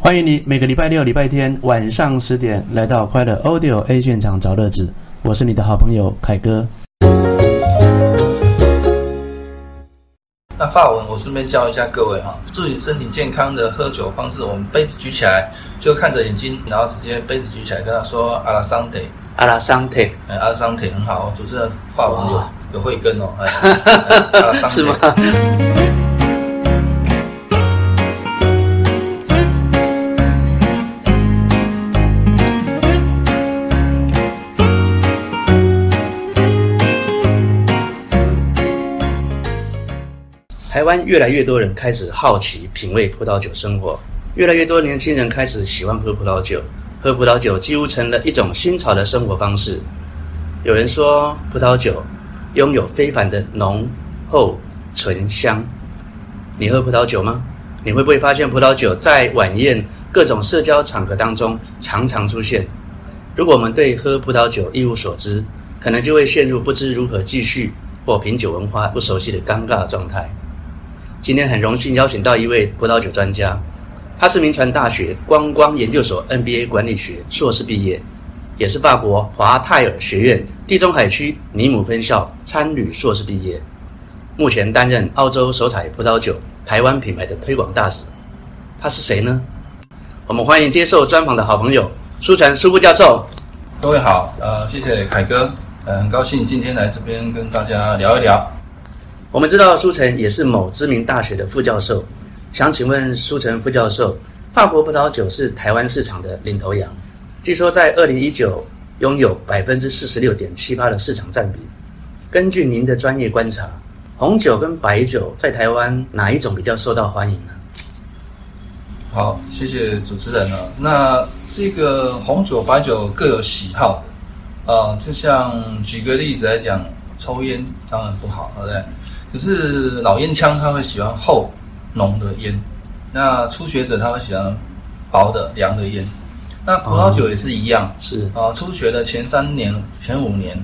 歡迎你，每個禮拜六、禮拜天晚上十點來到快樂 Audio A 現場找樂子，我是你的好朋友凱哥。那法文，我順便教一下各位哈、哦，祝你身體健康的喝酒的方式，我們杯子舉起來，就看着眼睛，然後直接杯子舉起來，跟他說阿拉桑蒂，阿拉桑蒂，阿拉桑蒂、欸、很好。主持人法文有有慧根哦，哈哈哈哈是嗎？ 台灣越來越多人開始好奇品味葡萄酒生活，越來越多年輕人開始喜歡喝葡萄酒，喝葡萄酒幾乎成了一種新潮的生活方式。有人說葡萄酒擁有非凡的濃厚醇香，你喝葡萄酒嗎？你會不會發現葡萄酒在晚宴各種社交場合當中常常出現？如果我們對喝葡萄酒一無所知，可能就會陷入不知如何繼續或品酒文化不熟悉的尷尬狀態。今天很榮幸邀請到一位葡萄酒專家，他是銘傳大學觀光，光研究所 MBA 管理學碩士畢業，也是法國華泰爾學院地中海區尼姆分校餐旅碩士畢業，目前擔任澳洲首彩葡萄酒台灣品牌的推廣大使，他是誰呢？我們歡迎接受專訪的好朋友舒程副教授。各位好，呃，謝謝凱哥，呃，很高興今天來這邊跟大家聊一聊。我們知道舒程也是某知名大學的副教授，想請問舒程副教授，法國葡萄酒是台灣市場的領頭羊，據說在二零一九擁有百分之四十六點七八的市場占比。根據您的專業觀察，紅酒跟白酒在台灣哪一種比較受到歡迎呢？好，謝謝主持人了，啊，那這個紅酒白酒各有喜好啊，呃，就像舉個例子來講，抽菸當然不好，好不可是老煙槍他會喜歡厚濃的煙，那初學者他會喜歡薄的涼的煙。那葡萄酒也是一樣，哦、是啊，初學的前三年、前五年，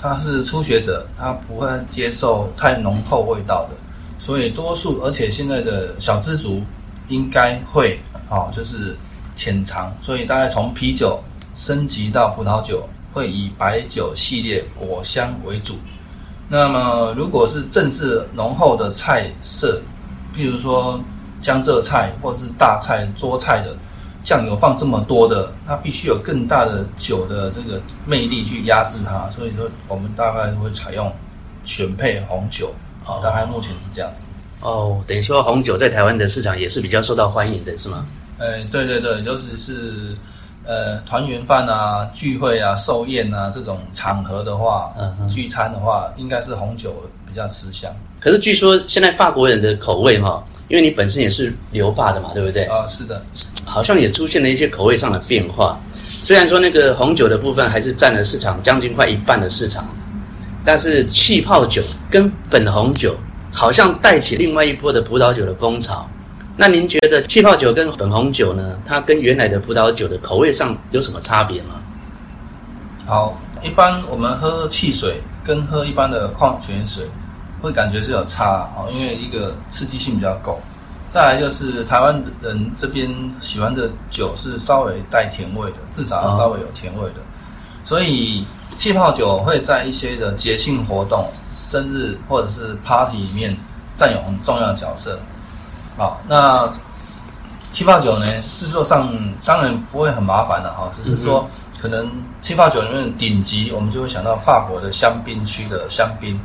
他是初學者，他不會接受太濃厚味道的。所以多數，而且現在的小資族應該會啊、哦，就是淺嘗。所以大概從啤酒升級到葡萄酒，會以白酒系列果香為主。那麼，如果是正式濃厚的菜色，譬如說江浙菜或是大菜、桌菜的醬油放這麼多的，它必須有更大的酒的這個魅力去壓制它。所以說，我們大概會採用全配紅酒，好，大概目前是這樣子。哦，等於說紅酒在台灣的市場也是比較受到歡迎的是嗎？誒，對對對，尤其是。是呃，團圓飯啊、聚會啊、壽宴啊這種場合的話，嗯哼，聚餐的話，應該是紅酒比較吃香。可是據說現在法國人的口味哈，哦，因為你本身也是留法的嘛，對不對？啊，是的，好像也出現了一些口味上的變化的。雖然說那個紅酒的部分還是佔了市場將近快一半的市場，但是氣泡酒跟粉紅酒好像帶起另外一波的葡萄酒的風潮。那您覺得氣泡酒跟粉紅酒呢？它跟原來的葡萄酒的口味上有什麼差別嗎？好，一般我們喝汽水跟喝一般的礦泉水會感覺是有差哦，因為一個刺激性比較夠。再來就是台灣人這邊喜歡的酒是稍微帶甜味的，至少要稍微有甜味的。哦，所以氣泡酒會在一些的節慶活動、生日或者是 party 裡面佔有很重要的角色。好、哦，那氣泡酒呢？製作上當然不會很麻煩了哈，只是說可能氣泡酒裡面頂級，我們就會想到法國的香檳區的香檳。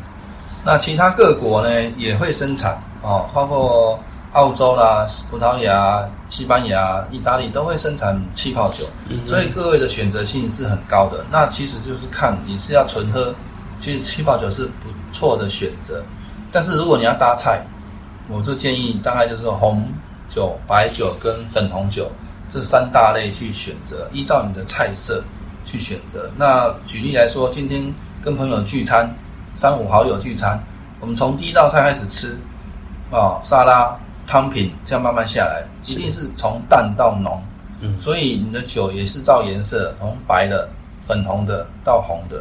那其他各國呢，也會生產哦，包括澳洲啦、葡萄牙、西班牙、意大利都會生產氣泡酒，所以各位的選擇性是很高的。嗯嗯，那其實就是看你是要純喝，其實氣泡酒是不錯的選擇。但是如果你要搭菜。我就建議大概就是紅酒、白酒跟粉紅酒這三大類去選擇，依照你的菜色去選擇。那舉例來說，今天跟朋友聚餐，三五好友聚餐，我們從第一道菜開始吃，啊、哦，沙拉、湯品，這樣慢慢下來，一定是從淡到濃。嗯，所以你的酒也是照顏色，從白的、粉紅的到紅的，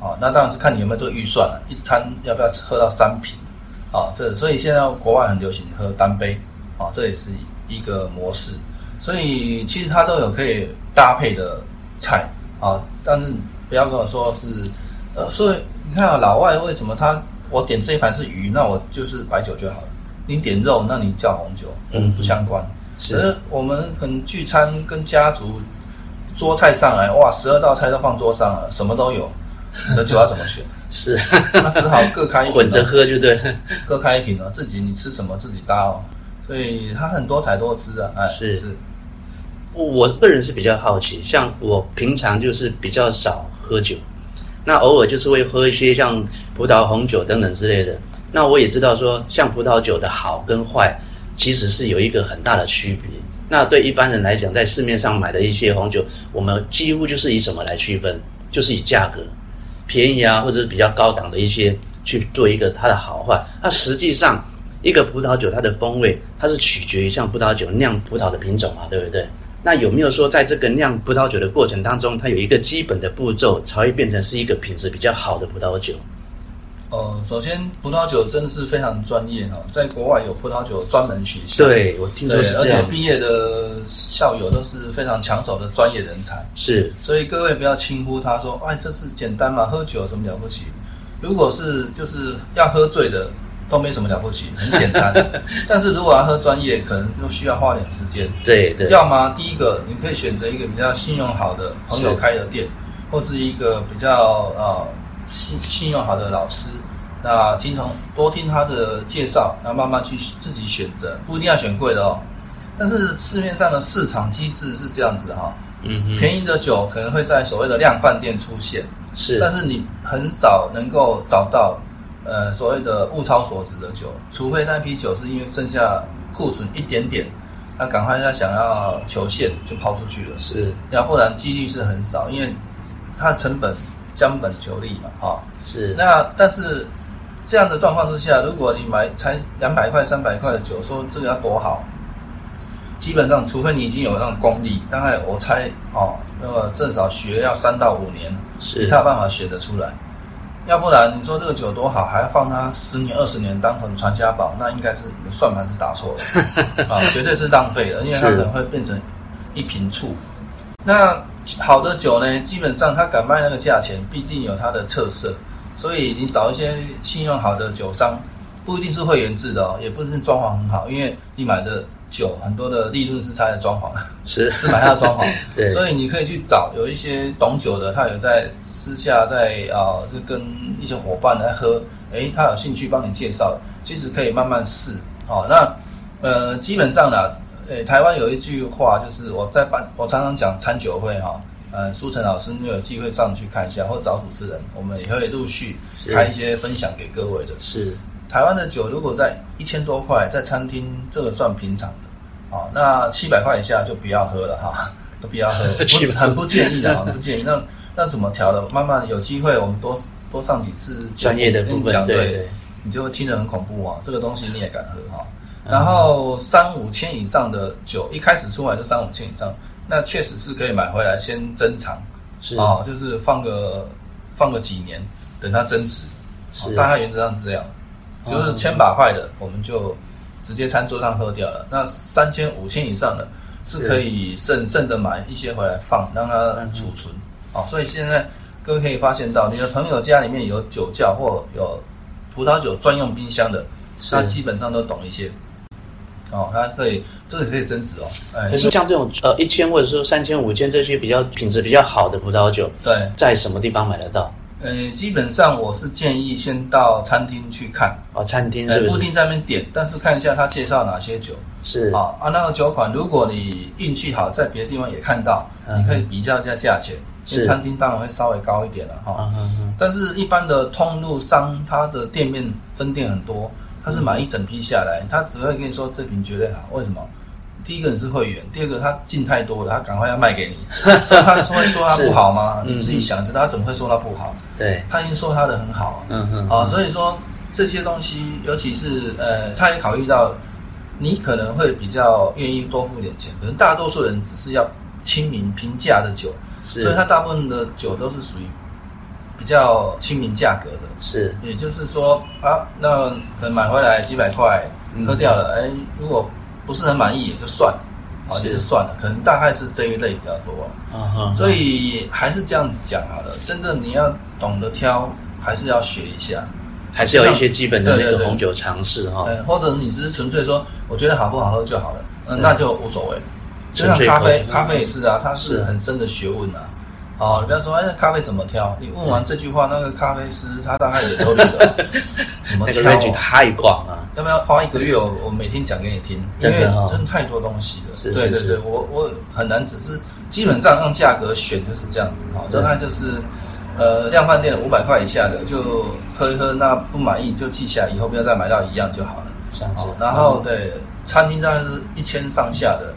啊、哦，那當然是看你有沒有這個預算了，一餐要不要喝到三瓶。啊、哦，這所以現在國外很流行喝單杯，啊、哦，這也是一個模式。所以其實它都有可以搭配的菜啊、哦，但是不要跟我說是，呃，所以你看啊，老外為什麼他我點這一盤是魚，那我就是白酒就好了。你點肉，那你叫紅酒，嗯，不相關。其實我們可能聚餐跟家族桌菜上來，哇，十二道菜都放桌上了，什麼都有，那酒要怎麼選？ 是， 那只好各開一瓶，混着喝就對，各開一瓶了，自己你吃什麼自己搭哦。所以他很多才多姿啊，哎是是，我個人是比較好奇，像我平常就是比較少喝酒，那偶爾就是會喝一些像葡萄紅酒等等之類的。那我也知道說，像葡萄酒的好跟壞，其實是有一個很大的區別。那對一般人來講，在市面上買的一些紅酒，我們幾乎就是以什麼來區分？就是以價格。便宜啊，或者是比較高檔的一些去做一個它的好壞。它實際上，一個葡萄酒它的風味，它是取決於像葡萄酒釀葡萄的品種嘛，對不對？那有沒有說在這個釀葡萄酒的過程當中，它有一個基本的步驟，才會變成是一個品質比較好的葡萄酒？呃，首先葡萄酒真的是非常專業哈、哦，在國外有葡萄酒專門學校，對我聽說是這樣，而且畢業的校友都是非常搶手的專業人才。是，所以各位不要輕忽他說，哎，這是簡單嘛，喝酒有什麼了不起？如果是就是要喝醉的，都沒什麼了不起，很簡單。 但是如果要喝專業，可能就需要花點時間。對對。要麼第一個你可以選擇一個比較信用好的朋友開的店，或是一個比較呃。信信用好的老師，那聽從多聽他的介紹，那慢慢去自己選擇，不一定要選貴的哦。但是市面上的市場機制是這樣子哈、哦，嗯嗯，便宜的酒可能會在所謂的量販店出現，是，但是你很少能夠找到，呃，所謂的物超所值的酒，除非那批酒是因為剩下庫存一點點，那趕快要想要求現就拋出去了，是，要不然幾率是很少，因為它的成本。將本求利嘛，哈、哦，是。那但是這樣的狀況之下，如果你買才兩百塊、三百塊的酒，說這個要多好，基本上，除非你已經有那種功力，大概我猜哦，那麼至少學要三到五年，你才有辦法學得出來。要不然你說這個酒多好，還要放它十年、二十年當成傳家寶，那應該是算盤是打錯了，啊、 哦，絕對是浪費了，因為它可能會變成一瓶醋。那好的酒呢，基本上他敢賣那個價錢，必定有它的特色。所以你找一些信用好的酒商，不一定是會員制的，哦，也不是裝潢很好，因為你買的酒很多的利潤是差在裝潢，是是買它的裝潢。 所以你可以去找有一些懂酒的，他有在私下在啊、呃，就跟一些夥伴來喝，誒，他有興趣幫你介紹，其實可以慢慢試。好，哦，那呃，基本上呢。對、欸，台灣有一句話，就是我在辦，我常常講餐酒會哈。呃，舒程老師，你有機會上去看一下，或找主持人，我們也會陸續開一些分享給各位的。是，是台灣的酒如果在一千多塊，在餐廳這個算平常的啊、哦。那七百塊以下就不要喝了哈，都不要喝了，不 很不建議的，不建議。那那怎麼調的？慢慢有機會，我們多多上幾次專業的部分，跟你講對，對，對，你就會聽得很恐怖啊，這個東西你也敢喝哈？然後三五千以上的酒，一開始出來就三五千以上，那確實是可以買回來先珍藏，是、哦、就是放個放個幾年，等它增值，是、哦、大概原則上是這樣，就是千把塊的我們就直接餐桌上喝掉了，嗯、那三千五千以上的是可以剩剩的買一些回來放，讓它儲存，啊、嗯哦，所以現在各位可以發現到，你的朋友家裡面有酒窖或有葡萄酒專用冰箱的，他基本上都懂一些。哦，它可以，這個可以增值哦。哎，可是像這種呃一千或者說三千五千這些比較品質比較好的葡萄酒，對，在什麼地方買得到？呃，基本上我是建議先到餐廳去看哦，餐廳是不一定、呃、在那邊點，但是看一下他介紹哪些酒是、哦、啊，啊那個酒款，如果你運氣好，在別的地方也看到，你可以比較一下價錢，是、嗯、餐廳當然會稍微高一點了哈、哦嗯，但是一般的通路商，他的店面分店很多。他是買一整批下來、嗯，他只會跟你說，這瓶絕對好。為什麼？第一個你是會員，第二個他進太多了，他趕快要賣給你。所以他會說他不好嗎？ 你自己想知道他怎麼會說他不好？對、嗯，他已經說他的很好、啊啊。嗯嗯啊，所以說，這些東西，尤其是呃，他也考慮到你可能會比較願意多付點錢，可能大多數人只是要親民平價的酒，所以他大部分的酒都是屬於。比較親民價格的是，也就是說啊，那可能買回來幾百塊、嗯、喝掉了，哎、欸，如果不是很滿意也就算了，啊，也就算了，可能大概是這一類比較多啊、哦哦。所以還是這樣子講好了、嗯。真正你要懂得挑，還是要學一下，還是有一些基本的那個紅酒常識哈。或者你只是純粹說，我覺得好不好喝就好了，呃、嗯，那就無所謂。就像咖啡，咖啡也是啊，它是很深的學問吶、啊。哦，你不要說哎，那咖啡怎麼挑？你問完這句話，那個咖啡師他大概也都有的。 怎麼挑？這、那個 range 太廣了，要不要花一個月我我每天講給你聽？哦、因為真太多東西了。是是是對對對，我我很難，只是基本上用價格選就是這樣子哈。大概就是，呃，量販店五百塊以下的就喝一喝，那不滿意就記下，以後不要再買到一樣就好了。這樣子。然後、嗯、對，餐廳大概是一千上下的。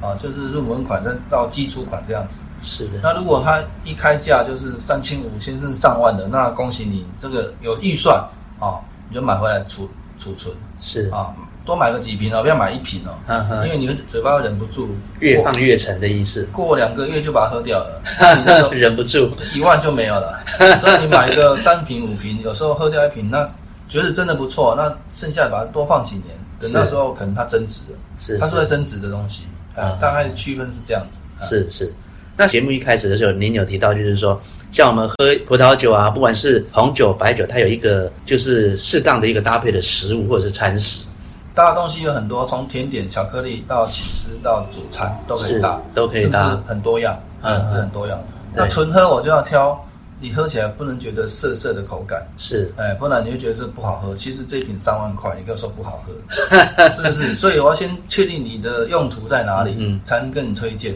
啊，就是入門款，跟到基礎款這樣子。是的。那如果它一開價就是三千、五千甚至上萬的，那恭喜你，這個有預算啊，你就買回來儲儲存。是。啊，多買個幾瓶哦，不要買一瓶哦。嗯哼。因為你的嘴巴會忍不住。越放越沉的意思。過兩個月就把它喝掉了、 那個。忍不住。一萬就沒有了。所 以你，你買一個三瓶、五瓶，有時候喝掉一瓶，那覺得真的不錯。那剩下把它多放幾年，等到時候可能它增值了。是。是是它是會增值的東西。啊，大概的區分是這樣子。嗯啊、是是，那節目一開始的時候，您有提到，就是說，像我們喝葡萄酒啊，不管是紅酒、白酒，它有一個就是適當的一個搭配的食物或者是餐食。搭的東西有很多，從甜點、巧克力、到起司到主餐都可以搭，都可以搭，以搭是不是很多樣？嗯，嗯是很多樣、嗯。那純喝我就要挑。你喝起來不能覺得澀澀的口感是，哎，不然你會覺得這不好喝。其實這瓶三萬塊，你跟我說不好喝， 是不是？所以我要先確定你的用途在哪裡，嗯，才能跟你推薦。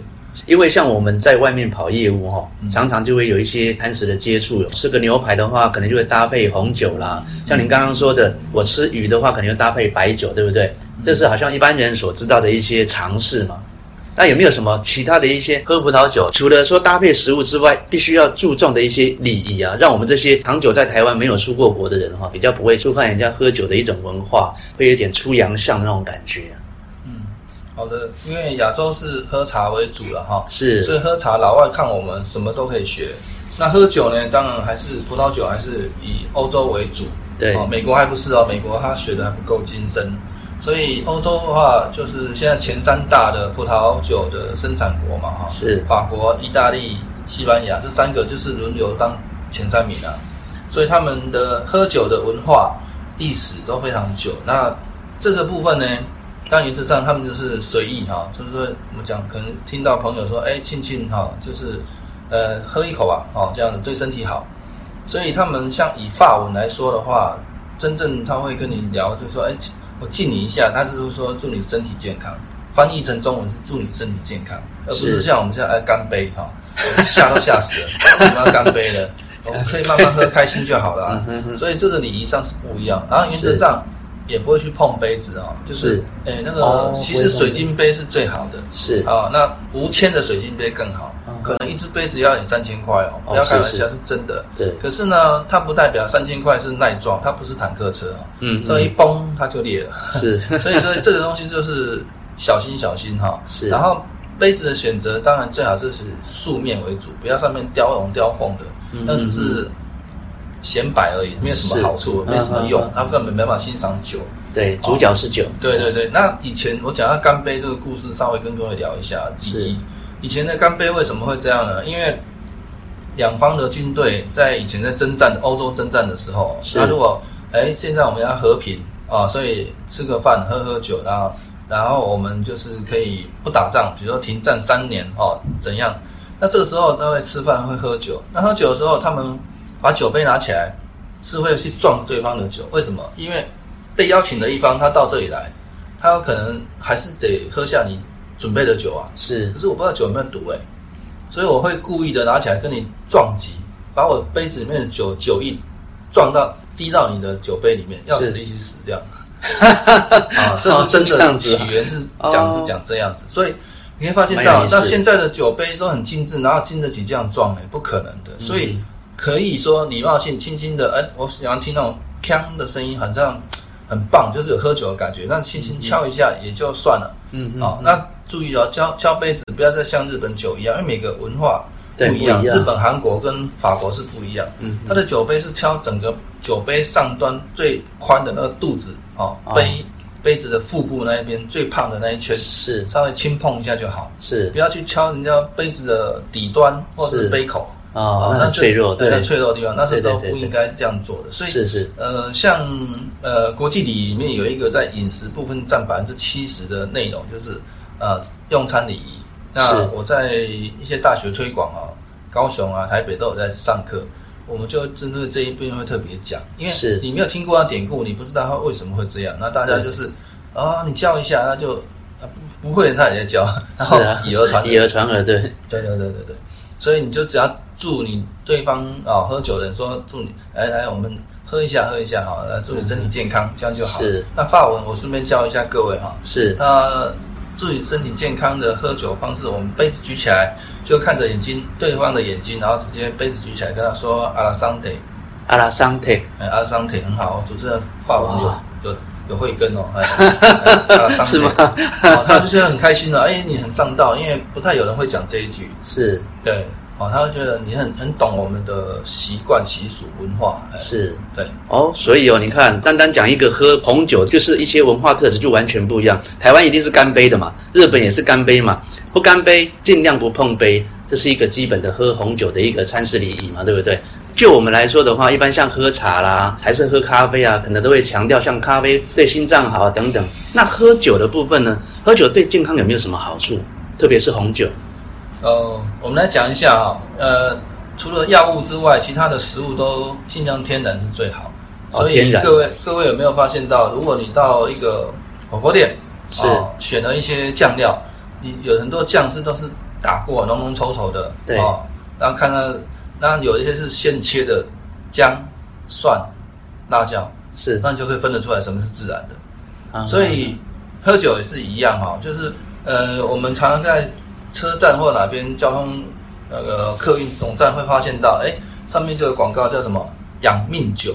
因為像我們在外面跑業務哈，常常就會有一些餐食的接觸。有吃個牛排的話，可能就會搭配紅酒啦。嗯、像您剛剛說的，我吃魚的話，可能就搭配白酒，對不對、嗯？這是好像一般人所知道的一些常識嘛。那有沒有什麼其他的一些喝葡萄酒，除了說搭配食物之外，必須要注重的一些禮儀啊，讓我們這些長久在台灣沒有出過國的人哈，比較不會觸犯人家喝酒的一種文化，會有點出洋相的那種感覺？嗯，好的，因為亞洲是喝茶為主了啊哈，是，所以喝茶老外看我們什麼都可以學，那喝酒呢，當然還是葡萄酒還是以歐洲為主，對，美國還不是哦，美國他學的還不夠精深。所以歐洲的話，就是現在前三大的葡萄酒的生產國嘛，哈，是法國、意大利、西班牙這三個，就是輪流當前三名啊。所以他們的喝酒的文化歷史都非常久。那這個部分呢，當然原則上他們就是隨意哈、啊，就是說我們講可能聽到朋友說，哎、欸，慶慶哈，就是呃喝一口吧，哦這樣子對身體好。所以他們像以法文來說的話，真正他會跟你聊，就是說，哎、欸。我敬你一下，他是說祝你身體健康，翻譯成中文是祝你身體健康，而不是像我們現在哎乾杯哈，嚇、哦、都嚇死了， 為什麼要乾杯的？我、哦、們可以慢慢喝，開心就好了、啊嗯哼哼。所以這個禮儀上是不一樣，然後原則上也不會去碰杯子哦。就是哎那個、哦、其實水晶杯是最好的，是啊，那無鉛的水晶杯更好。可能一隻杯子要你三千塊哦，不要開玩笑，是真的，哦是是。對。可是呢，它不代表三千塊是耐撞，它不是坦克車，哦，嗯，嗯。所以一崩它就裂了。是。 所以說這個東西就是小心小心哈，哦。是。然後杯子的選擇當然最好是是素面為主，不要上面雕龍雕鳳的，那，嗯，只，嗯嗯就是顯擺而已，沒有什麼好處，沒什麼用，它，啊啊啊啊，根本沒辦法欣賞酒。對，哦，主角是酒。對對對。哦，那以前我講到乾杯這個故事，稍微跟各位聊一下。是。以前的乾杯為什麼會這樣呢？因為兩方的軍隊在以前在征戰歐洲征戰的時候，那如果誒，現在我們要和平啊、哦，所以吃個飯喝喝酒，然後然後我們就是可以不打仗，比如說停戰三年哦，怎樣？那這個時候他會吃飯會喝酒，那喝酒的時候，他們把酒杯拿起來是會去撞對方的酒，為什麼？因為被邀請的一方他到這裡來，他有可能還是得喝下你準備的酒啊，是，可是我不知道酒有沒有毒哎，所以我會故意的拿起來跟你撞擊，把我杯子裡面的酒酒液撞到滴到你的酒杯裡面，要死一起死這樣，啊，這樣啊，啊，這是真的，起源是講是講這樣子，樣子啊哦、所以你會發現到，那現在的酒杯都很精致，哪有經得起這樣撞嘞、欸？不可能的，所以可以說禮貌性輕輕的，哎、嗯呃，我喜歡聽那種鏘的聲音，好像。很棒，就是有喝酒的感覺。那輕輕敲一下也就算了。嗯嗯。哦，那注意哦，敲敲杯子不要再像日本酒一樣，因為每個文化不一樣。對，不一樣。日本、韓國跟法國是不一樣。嗯。它的酒杯是敲整個酒杯上端最寬的那個肚子啊、哦哦，杯杯子的腹部那一邊最胖的那一圈。是。稍微輕碰一下就好。是。不要去敲人家杯子的底端或者是杯口。是啊、哦，那脆弱，對、哦，在脆弱的地方，那是都不應該這樣做的。對對對對，所以，是是，呃，像呃，國際禮儀裡面有一個在飲食部分佔百分之七十的內容，就是呃，用餐禮儀。那我在一些大學推廣啊、哦，高雄啊、台北都有在上課，我們就針對這一部分會特別講，因為你沒有聽過那典故，你不知道它為什麼會這樣。那大家就是啊、哦，你教一下，那就啊不，不會，那也教，然後以訛傳訛、啊、以訛傳訛，對，對對對對對，所以你就只要。祝你對方、哦、喝酒的人說祝你、哎、來來我們喝一下喝一下哈，來祝你身體健康這樣就好是，那法文我順便教一下各位哈，是祝你身體健康。你身體健康的喝酒方式，我們杯子舉起來就看着眼睛對方的眼睛，然後直接杯子舉起來跟他說，阿拉桑蒂阿拉桑蒂阿拉桑蒂。很好，主持人法文有有有慧根哦，阿拉桑蒂，他就覺得很開心了，而、哎、你很上道，因為不太有人會講這一句是對。哦，他會覺得你很很懂我們的習慣習俗文化，哎、是對哦，所以哦，你看單單講一個喝紅酒，就是一些文化特質就完全不一樣。台灣一定是乾杯的嘛，日本也是乾杯嘛，嗯、不乾杯盡量不碰杯，這是一個基本的喝紅酒的一個餐食禮儀嘛，對不對？就我們來說的話，一般像喝茶啦，還是喝咖啡啊，可能都會強調像咖啡對心臟好、啊、等等。那喝酒的部分呢？喝酒對健康有沒有什麼好處？特別是紅酒。呃，我們來講一下啊、哦，呃，除了藥物之外，其他的食物都盡量天然是最好，哦、所以，各位，各位有沒有發現到，如果你到一個火鍋店，是，哦、選了一些醬料，你有很多醬汁都是打過，濃濃稠稠的，對，哦，然後看到那有一些是現切的薑、蒜、辣椒，是，那你就可以分得出來什麼是自然的。嗯嗯嗯。所以喝酒也是一樣哈、哦，就是呃，我們常常在。車站或哪邊交通那個、呃、客運總站會發現到，哎、欸，上面就有廣告叫什麼“養命酒”。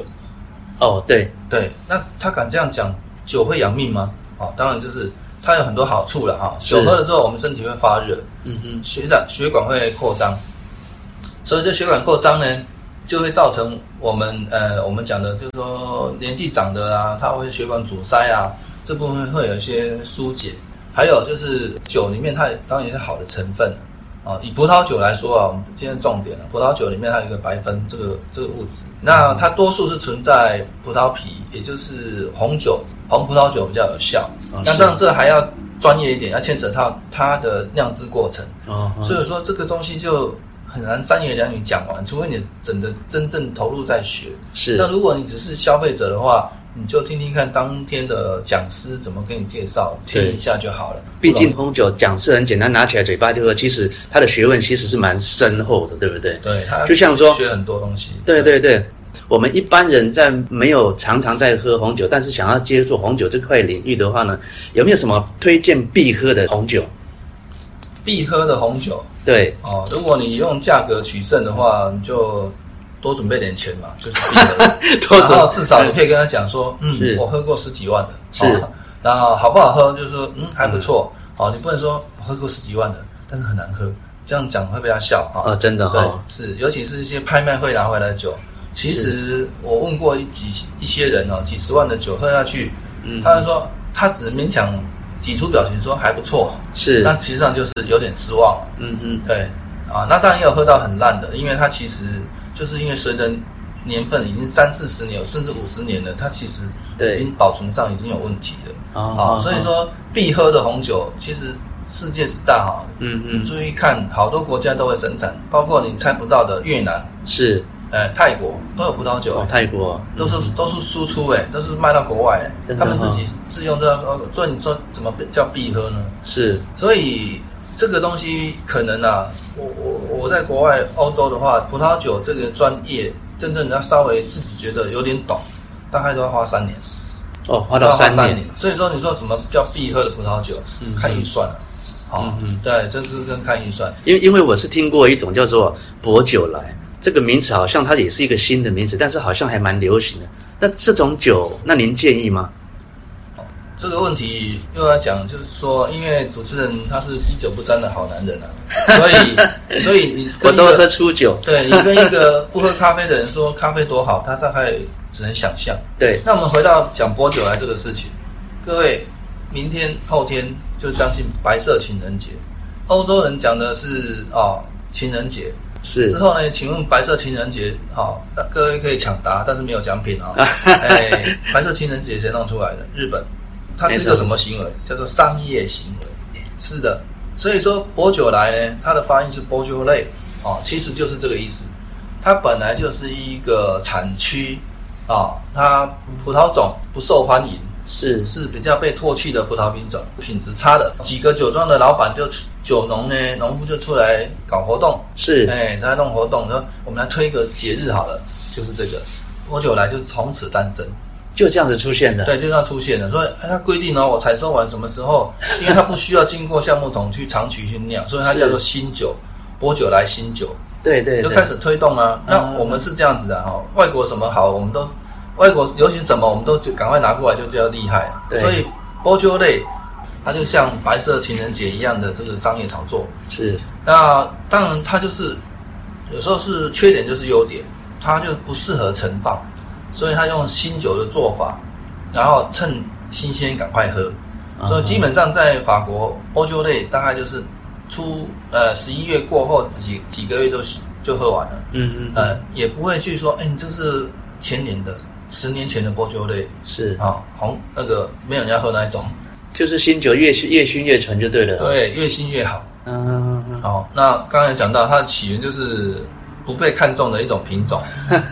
哦，對對，那他敢這樣講酒會養命嗎？哦，當然就是它有很多好處了哈、哦。酒喝了之後，我們身體會發熱，嗯嗯，血長血管會擴張，所以這血管擴張呢，就會造成我們呃我們講的，就是說年紀長的啦、啊，它會血管阻塞啊，這部分會有一些疏解。還有就是酒裡面它有當然也是好的成分啊，啊，以葡萄酒來說啊，我們今天重點了、啊，葡萄酒裡面還有一個白酚、這個，這個這個物質，那它多數是存在葡萄皮，也就是紅酒、紅葡萄酒比較有效。那當然這還要專業一點，要牽扯到它，它的釀製過程、哦哦、所以說這個東西就很難三言兩語講完，除非你整個真正投入在學。是，那如果你只是消費者的話，你就聽聽看當天的講師怎麼給你介紹，聽一下就好了。畢竟紅酒講師很簡單，拿起來嘴巴就喝。其實他的學問其實是蠻深厚的，對不對？對，他就像說學很多東西。對對對，對，我們一般人在沒有常常在喝紅酒，但是想要接觸紅酒這塊領域的話呢，有沒有什麼推薦必喝的紅酒？必喝的紅酒，對哦，如果你用價格取勝的話，你就。多準備點錢嘛，就是， 多準然後至少你可以跟他講說，嗯，我喝過十幾萬的，是，那、哦、好不好喝？就是說，嗯，還不錯、嗯，哦，你不能說我喝過十幾萬的，但是很難喝，這樣講會被他笑啊、哦哦，真的，對、哦，是，尤其是一些拍賣會拿回來的酒，其實我問過一幾一些人哦，幾十萬的酒喝下去，嗯，他就說他只能勉強擠出表情說還不錯，是，但其實上就是有點失望，嗯嗯，對，啊、哦，那當然也有喝到很爛的，因為他其實。就是因為隨着年份已經三四十年甚至五十年了，它其實已經保存上已經有問題了啊、哦哦哦哦。所以說必喝的紅酒，嗯、其實世界之大哈、哦，嗯嗯，你注意看、嗯，好多國家都會生產，包括你猜不到的越南是、呃，泰國都有葡萄酒、哦，泰國、嗯、都是都是輸出，都是賣到國外、哦，他們自己自己用這、哦，所以你說怎麼叫必喝呢？是，所以。這個東西可能啊，我我我在國外歐洲的話，葡萄酒這個專業，真正要稍微自己覺得有點懂，大概都要花三年。哦，花到三年。三年所以說，你說什麼叫必喝的葡萄酒？嗯、看預算了、啊。嗯嗯。對，就是跟看預算。因為因為我是聽過一種叫做“薄酒來”這個名詞，好像它也是一個新的名詞，但是好像還蠻流行的。那這種酒，那您建議嗎？這個問題又要講，就是說，因為主持人他是滴酒不沾的好男人啊，所以所以你我都喝出酒，對，你跟一個不喝咖啡的人說咖啡多好，他大概只能想象。對，那我們回到講薄酒萊這個事情，各位明天後天就將近白色情人節，歐洲人講的是哦，情人節是之後呢？請問白色情人節好、哦，各位可以搶答，但是沒有獎品啊、哦。哎，白色情人節誰弄出來的？日本。它是一個什麼行為？叫做商業行為。是的，所以說薄酒來呢，它的發音是薄酒類，哦，其實就是這個意思。它本來就是一個產區，啊、哦，它葡萄種不受歡迎，是是比較被唾棄的葡萄品種，品質差的。幾個酒莊的老闆就酒農呢，農夫就出來搞活動，是，哎，他在弄活動，說我們來推一個節日好了，就是這個薄酒來，就從此誕生。就這樣子出現的，對，就這樣出現的。所以他規定哦，我採收完什麼時候？因為他不需要經過橡木桶去長期去釀，所以它叫做新酒，波 酒來新酒，對，對對，就開始推動啊。那我們是這樣子的哈、哦嗯，外國什麼好，我們都外國流行什麼，我們都就趕快拿過來就比較厲害。所以波酒類，Beaujolais，它就像白色情人節一樣的這個商業炒作。是，那當然它就是有時候是缺點就是優點，它就不適合陳放。所以他用新酒的做法，然後趁新鮮趕快喝，嗯、所以基本上在法國薄酒萊大概就是初呃十一月過後幾幾個月都就，就喝完了，嗯嗯呃也不會去說，哎，這是前年的十年前的薄酒萊是好、哦、紅那個沒有人家喝那一種，就是新酒越越新越純就對了、哦，對越新越好，嗯好、哦、那剛才講到它的起源就是。不被看中的一種品種，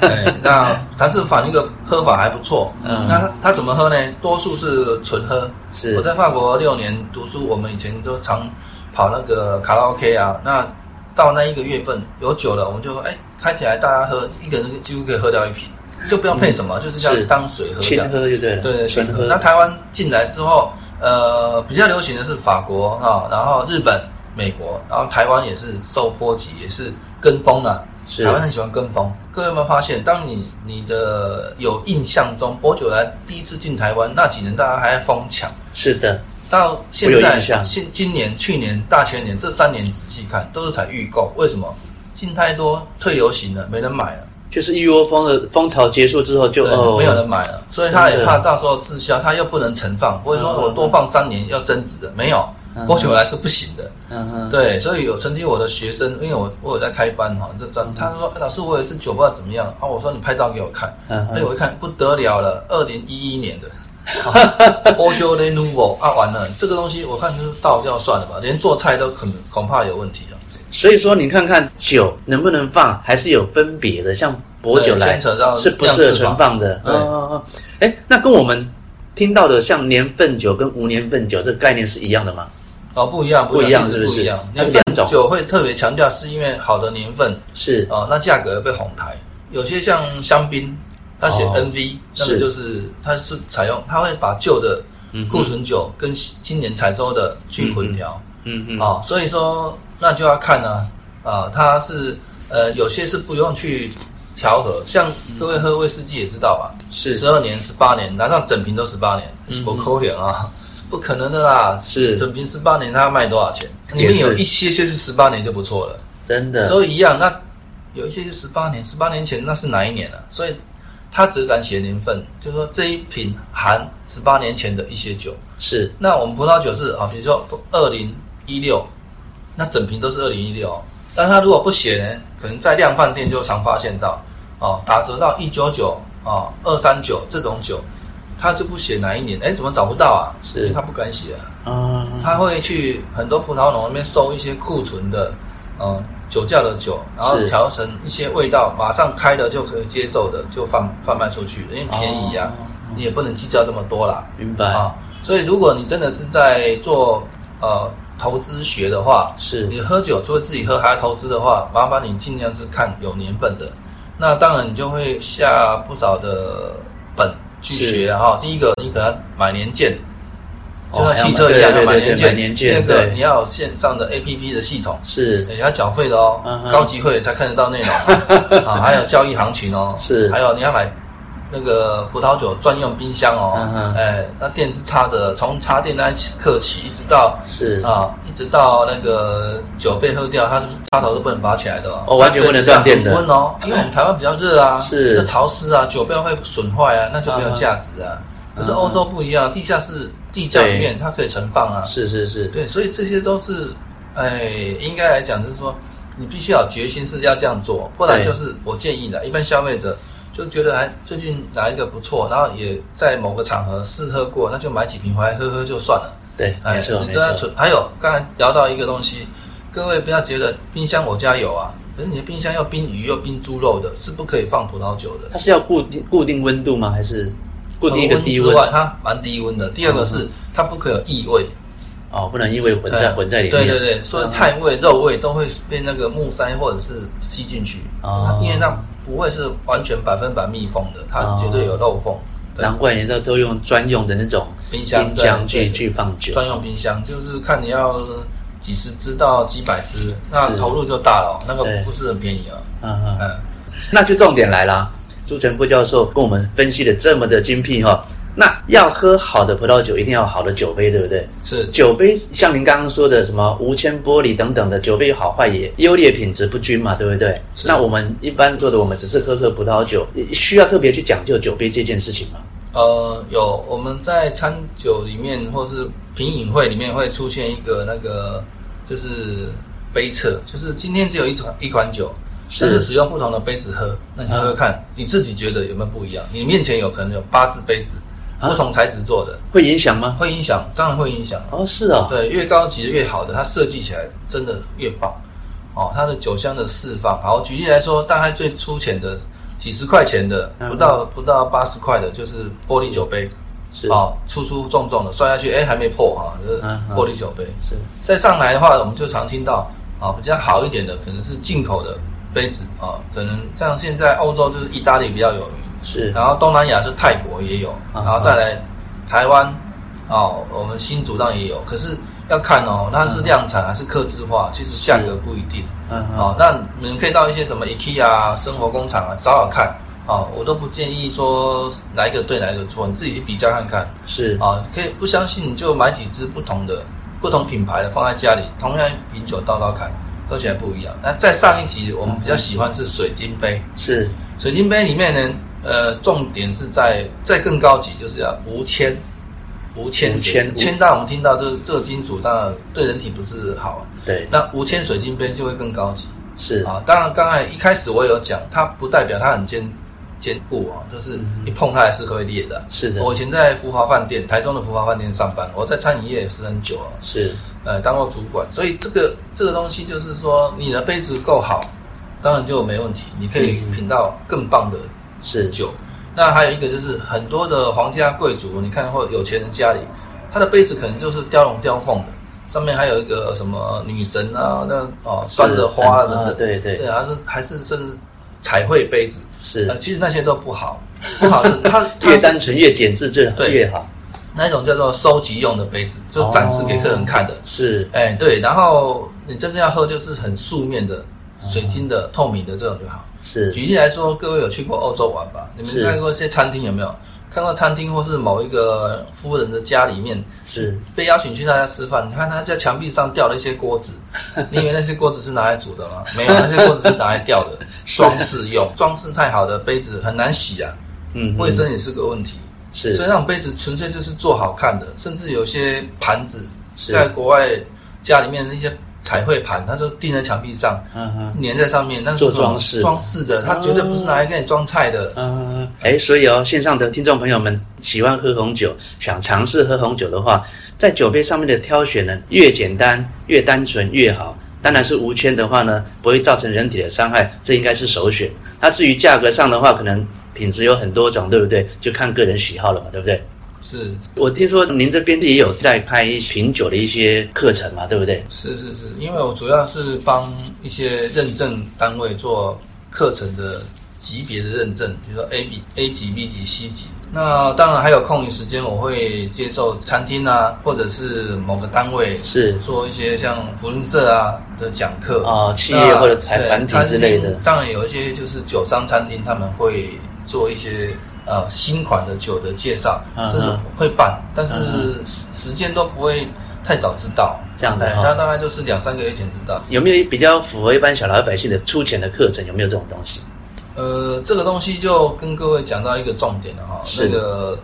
對。那但是反一個喝法還不錯。 那他，他怎麼喝呢？多數是純喝是。我在法國六年讀書，我們以前都常跑那個卡拉 OK 啊。那到那一個月份有酒了，我們就哎開起來，大家喝一個人幾乎可以喝掉一瓶，就不用配什麼，嗯、就是像當水喝這樣，純喝就對了。對純喝。那台灣進來之後，呃，比較流行的是法國哈，然後日本、美國，然後台灣也是受波及，也是跟風了、啊。是，台灣很喜歡跟風，各位有沒有發現？當你你的有印象中，薄酒萊第一次進台灣那幾年，大家還在瘋搶。是的，到現在，現今年、去年、大前年這三年仔細看，都是才預購。為什麼？進太多，退流行了，沒人買了？就是一窩蜂的風潮結束之後就，就、哦、沒有人買了，所以他也怕到時候滯銷，他又不能存放。不會說，我多放三年要增值的、嗯、沒有。薄酒來是不行的。嗯嗯，對，所以有曾經我的學生，因為我我有在開班哈，這他說、uh -huh. 老師我有一支酒不知道怎麼樣啊，我說你拍照給我看，哎、uh -huh. 我一看不得了了，二零一一年的哈哈哈。a ha h 啊完了，這個東西我看就是倒掉算了吧，連做菜都可能恐怕有問題了。所以說你看看酒能不能放還是有分別的，像薄酒來是不適合存放的，嗯哎、欸，那跟我們聽到的像年份酒跟無年份酒這個概念是一樣的嗎？哦，不一樣，不一樣，不一樣不一樣是不是？一樣。那但酒會特別強調，是因為好的年份是哦。那價格被哄抬。有些像香檳，它寫 NV，、哦、那麼、個、就是，是它就是採用，他會把舊的庫存酒跟今年採收的去混調。嗯嗯、哦。所以說那就要看呢啊，啊，它是呃，有些是不用去調和，像各位喝威士忌也知道吧？是。十二年、十八年，難道整瓶都十八年，我摳臉啊！不可能的啦，啊！是整瓶十八年，它要賣多少錢？你們有一些些是十八年就不錯了，真的。所以一樣，那有一些是十八年，十八年前那是哪一年呢，啊？所以它只敢寫年份，就是說這一瓶含十八年前的一些酒。是。那我們葡萄酒是啊，比如說二零一六，那整瓶都是二零一六。但它如果不寫呢，可能在量販店就常發現到哦，打折到一九九啊，二三九這種酒。他就不寫哪一年，哎，怎麼找不到啊？是他不敢寫啊、嗯。他會去很多葡萄農那邊收一些庫存的，啊、呃，酒窖的酒，然後調成一些味道，馬上開了就可以接受的，就販販賣出去，因為便宜啊、哦，你也不能計較這麼多啦。明白啊、嗯。所以，如果你真的是在做呃投資學的話，是你喝酒除了自己喝還要投資的話，麻煩你盡量是看有年份的。那當然，你就會下不少的本。去學哈，第一個你可能買年鑑、哦，就像汽車一樣要買，對對對買年鑑。第二、那個你要有線上的 A P P 的系統是，你要繳費的哦，嗯、高級會員才看得到內容啊、 哦，還有交易行情哦，是，還有你要買。那個葡萄酒專用冰箱哦，uh -huh. 哎，那電是插着，從插電那一刻起，一直到是啊，一直到那個酒被喝掉，它就是插頭都不能拔起來的、啊、哦，完全不能斷電的溫哦，uh -huh. 因為我們台灣比較熱啊，是潮濕啊，酒標會損壞啊，那就沒有價值啊。Uh -huh. 可是歐洲不一樣，地下室地窖裡面，它可以存放啊，是是是對，所以這些都是哎，應該來講就是說，你必須要決心是要這樣做，不然就是我建議的，一般消費者。就覺得還最近來一個不錯，然後也在某個場合試喝過，那就買幾瓶回來喝喝就算了。對，沒錯、哎、你沒錯。還有剛才聊到一個東西，各位不要覺得冰箱我家有啊，可是你的冰箱要冰魚要冰豬肉的，是不可以放葡萄酒的。它是要固定固定溫度嗎？還是固定一個？低溫，溫之外？它蠻低溫的。第二個是嗯嗯嗯，它不可有異味。哦，不能異味混在混在裡面對。對對對，所以菜味嗯嗯、肉味都會被那個木塞或者是吸進去。哦，因為那。不會是完全百分百密封的，它絕對有漏風。哦。難怪人家都用專用的那種冰箱，去去放酒，專用冰箱就是看你要幾十支到幾百支，那投入就大了，那個不是很便宜啊。嗯嗯，那就重點來啦，舒程副教授跟我們分析的這麼的精闢哈。哦。那要喝好的葡萄酒，一定要有好的酒杯，對不對？是。酒杯像您剛剛說的，什麼無鉛玻璃等等的酒杯，有好壞也優劣品質不均嘛，對不對？是。那我們一般做的，我們只是喝喝葡萄酒，需要特別去講究酒杯這件事情嗎？呃，有，我們在餐酒裡面或是品飲會裡面會出現一個那個就是杯測，就是今天只有一款一款酒，但是使用不同的杯子喝，那你喝喝看，嗯，你自己覺得有沒有不一樣？你面前有可能有八隻杯子。啊、不同材質做的會影響嗎？會影響，當然會影響哦。是哦，對，越高級越好的，它設計起來真的越棒哦。它的酒香的釋放，好，舉例來說，大概最粗淺的幾十塊錢的，啊、不到不到八十塊的，就、哦粗粗重重的欸哦，就是玻璃酒杯，是哦，粗粗壯壯的摔下去，哎，還沒破啊，就是玻璃酒杯。是再上來的話，我們就常聽到啊、哦，比較好一點的，可能是進口的杯子啊、哦，可能像現在歐洲就是意大利比較有名。是，然後東南亞是泰國也有，然後再來台灣，uh -huh. 哦，我們新竹當然也有，可是要看哦，它是量產還是客制化，uh -huh. 其實價格不一定。嗯、uh -huh.，哦，那你們可以到一些什麼 IKEA 啊、生活工廠啊找,找找看。哦，我都不建議說哪一個對，哪一個錯，你自己去比較看看。是，啊，可以不相信你就買幾支不同的不同品牌的放在家裡，同樣品酒倒倒看，喝起來不一樣。那在上一集我們比較喜歡是水晶杯，uh -huh. 是，水晶杯裡面呢。呃，重點是在在更高級，就是要無鉛，無鉛，無鉛，鉛。但我們聽到這這金屬，當然對人體不是好。對。那無鉛水晶杯就會更高級。是啊。當然，剛才一開始我有講，它不代表它很堅堅固啊，就是你碰它也是會裂的、嗯。是的。我以前在福華飯店，台中的福華飯店上班，我在餐飲業也是很久啊。是。呃，當過主管，所以這個這個東西就是說，你的杯子夠好，當然就沒問題，你可以品到更棒的、嗯。是酒，那還有一個就是很多的皇家貴族，你看或有錢人家裡，他的杯子可能就是雕龍雕鳳的，上面還有一個什麼女神啊，那哦，攥着花什、啊、麼的，對、嗯呃、對，對還是還是甚至彩繪杯子是、呃，其實那些都不好，不好是它，它是 越單純越簡質就越好對，那一種叫做收集用的杯子，就展示給客人看的，哦、是，哎對，然後你真正要喝就是很素面的。水晶的、嗯、透明的這種就好。是，舉例來說，各位有去過歐洲玩吧？你們看過一些餐廳有沒有？看過餐廳或是某一個夫人的家裡面？是。被邀請去他家吃飯，你看他家牆壁上吊了一些鍋子， 你以為那些鍋子是拿來煮的嗎？ 沒有，那些鍋子是拿來吊的， 裝飾用。裝飾太好的杯子很難洗啊，嗯，衛生也是個問題。是，所以那種杯子純粹就是做好看的，甚至有些盤子，是在國外家裡面那些。彩繪盤，它就釘在牆壁上，嗯哼，粘在上面，那做裝飾做裝飾的。它絕對不是拿來給你裝菜的。嗯，哎、嗯，所以哦，線上的聽眾朋友們喜歡喝紅酒，想嘗試喝紅酒的話，在酒杯上面的挑選呢，越簡單越單純越好。當然是無鉛的話呢，不會造成人體的傷害，這應該是首選。那至於價格上的話，可能品質有很多種，對不對？就看個人喜好了嘛，對不對？是我聽說您這邊也有在開品酒的一些課程嘛，對不對？是是是，因為我主要是幫一些認證單位做課程的級別的認證，比如說 A, A 級、A 級 B 級、C 級。那當然還有空餘時間，我會接受餐廳啊，或者是某個單位是做一些像扶輪社啊的講課啊、哦，企業或者財團體之類的。當然有一些就是酒商、餐廳，他們會做一些。呃，新款的酒的介紹，嗯、這是會辦，但是時時間都不會太早知道，嗯、對這樣子他、哦、大概就是兩三個月前知道。有沒有比較符合一般小老百姓的出錢的課程？有沒有這種東西？呃，這個東西就跟各位講到一個重點了、哦、哈，那個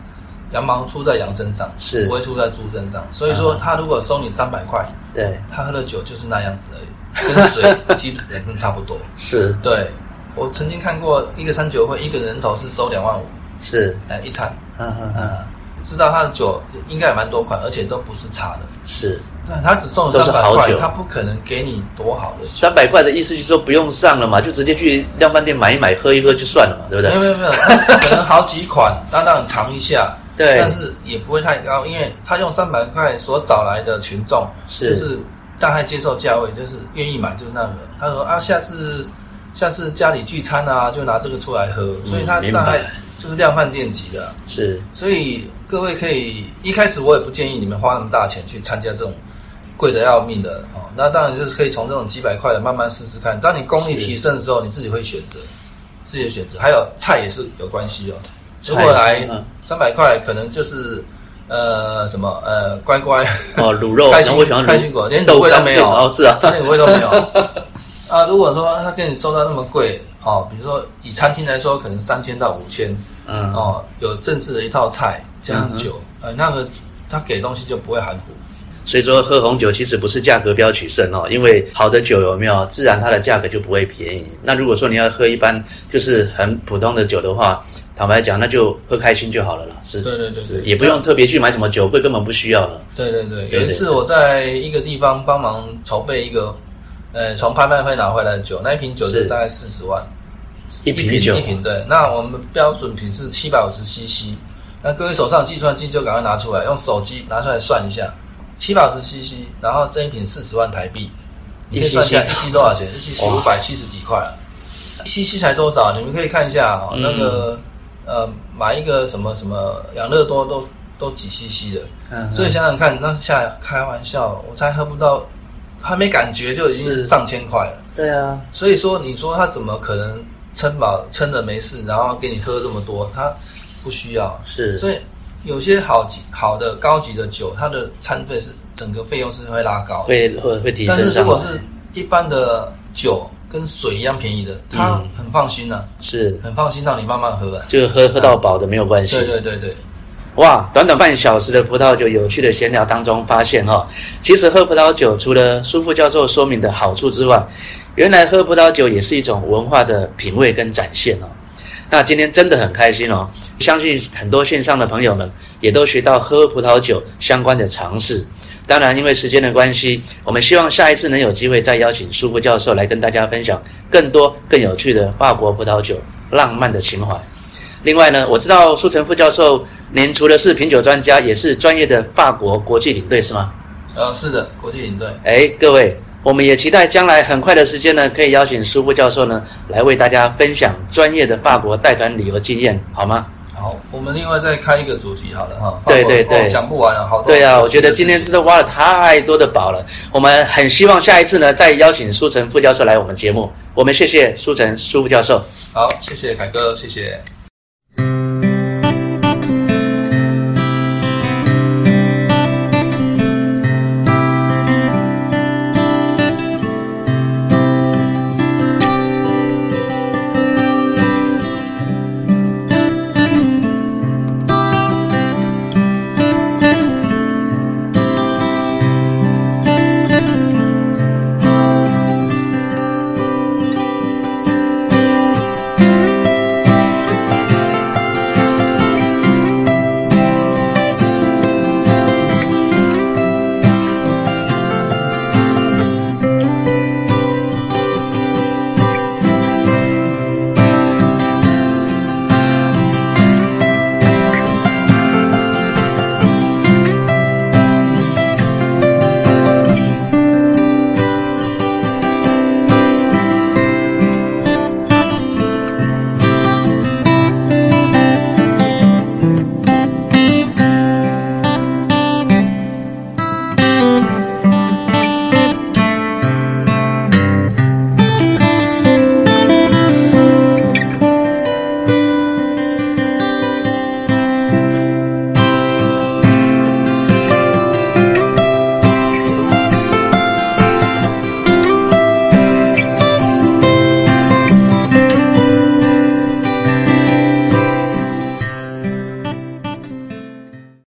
羊毛出在羊身上，是不會出在豬身上。所以說，他如果收你三百塊，嗯、對他喝的酒就是那樣子而已， 跟水基本上差不多。是，對我曾經看過一個餐酒會，一個人頭是收兩萬五。是，哎，一餐。嗯嗯嗯，知道他的酒應該也蠻多款，而且都不是差的。是，但他只送了三百塊，他不可能給你多好的。三百塊的意思就是說不用上了嘛，就直接去量販店買一買，喝一喝就算了嘛，對不對？沒有沒有沒有，他可能好幾款，讓 你嘗一下。對，但是也不會太高，因為他用三百塊所找來的群眾，就是大概接受價位，就是願意買就是那個。他說啊，下次下次家裡聚餐啊，就拿這個出來喝。所以他大概。嗯就是量販店級的、啊，是，所以各位可以一開始我也不建議你們花那麼大錢去參加這種貴的要命的哦、啊。那當然就是可以從這種幾百塊的慢慢試試看。當你功力提升的時候，你自己會選擇自己的選擇。還有菜也是有關係哦。如果來三百塊，可能就是呃什麼呃乖乖哦滷肉 開心果，開心果連滷味都沒有哦，是啊，連滷味都沒有。哦、啊，沒有 啊，如果說他給你收到那麼貴哦、啊，比如說以餐廳來說，可能三千到五千。嗯哦，有正式的一套菜，這樣。酒、嗯，呃，那個他給東西就不會含糊。所以說，喝紅酒其實不是價格標取勝哦，因為好的酒有沒有，自然它的價格就不會便宜。那如果說你要喝一般就是很普通的酒的話，坦白講，那就喝開心就好了啦。是，對對對，對，對，也不用特別去買什麼酒櫃，根本不需要了。對對對，有一次我在一個地方幫忙籌備一個，呃，從拍賣會拿回來的酒，那一瓶酒是大概四十萬。一瓶酒一一，對，那我們標準品是七百五十 CC，那各位手上計算機就趕快拿出來，用手機拿出來算一下，七百五十 CC，然後這一瓶四十萬台幣，一你可以算一 CC 多少錢？一 c 五百七十幾塊，一 CC 才多少？你們可以看一下哦，嗯、那個呃，買一個什麼什麼養樂多都都幾 CC 的、嗯，所以想想看，那下開玩笑，我才喝不到，還沒感覺就已經是上千塊了，對啊，所以說你說他怎麼可能？撐飽，撐着沒事，然後給你喝這麼多，他不需要。是，所以有些好好的高級的酒，它的餐費是整個費用是會拉高。會會會提升上。但是如果是一般的酒跟水一樣便宜的，他、嗯、很放心的、啊，是很放心讓你慢慢喝、啊，就是喝喝到飽的沒有關係、啊。對對對對。哇，短短半小時的葡萄酒有趣的閒聊當中發現哈、哦，其實喝葡萄酒除了舒程教授說明的好處之外。原來喝葡萄酒也是一種文化的品味跟展現哦，那今天真的很開心哦，相信很多線上的朋友們也都學到喝葡萄酒相關的常識。當然，因為時間的關係，我們希望下一次能有機會再邀請舒副教授來跟大家分享更多更有趣的法國葡萄酒浪漫的情懷。另外呢，我知道舒程副教授您除了是品酒專家，也是專業的法國國際領隊是嗎？呃、哦，是的，國際領隊。哎，各位。我們也期待將來很快的時間呢，可以邀請舒副教授呢來為大家分享專業的法國帶團旅遊經驗，好嗎？好，我們另外再開一個主題好了哈。對對對、哦，講不完了、啊，好多的。對啊，我覺得今天真的挖了太多的寶了。我們很希望下一次呢再邀請舒程副教授來我們節目。我們謝謝舒程、舒副教授。好，謝謝凱哥，謝謝。